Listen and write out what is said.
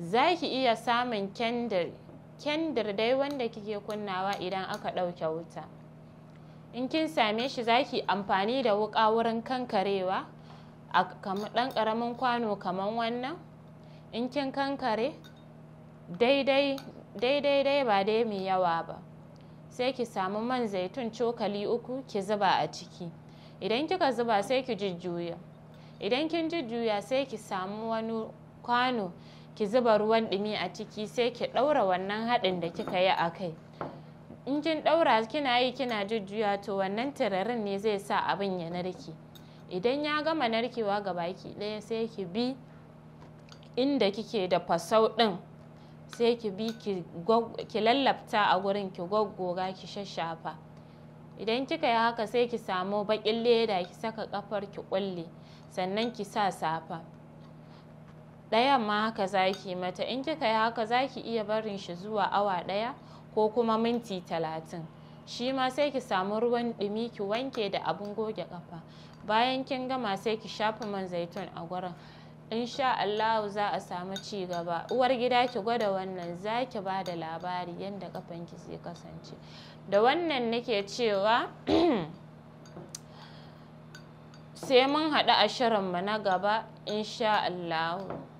za ki iya samun kendir kendir dai wanda kike kunnawa idan aka ɗauke wuta in kin same shi za ki amfani da wuƙa wurin kankarewa a ɗan ƙaramin kwano kamar wannan in kin kankare daidai dai ba dai mai yawa ba sai ki samu man zaitun cokali uku ki zuba a ciki idan kika zuba sai ki jujjuya idan kin jujjuya sai ki samu wani kwano ki zuba ruwan ɗumi a ciki sai ki ɗaura wannan haɗin da kika yi a kai in kin ɗaura kina yi kina jujjuya to wannan tirarin ne zai sa abin ya narke idan ya gama narkewa ga baki ɗaya sai ki bi inda kike da fasau ɗin sai ki bi ki lallafta a gurin ki goggoga ki shashafa idan kika yi haka sai ki samu baƙin leda ki saka ƙafar ki ƙulle sannan ki sa safa ɗayan ma haka zaki mata in kika yi haka zaki iya barin shi zuwa awa ɗaya ko kuma minti talatin shi ma sai ki samu ruwan ɗumi ki wanke da abun goge ƙafa bayan kin gama sai ki shafa man zaitun a gurin insha Allahu za a samu ci gaba uwar gida ki gwada wannan za ki ba da labari yadda kafanki zai kasance da wannan nake cewa sai mun haɗu a shirinmu na gaba insha Allahu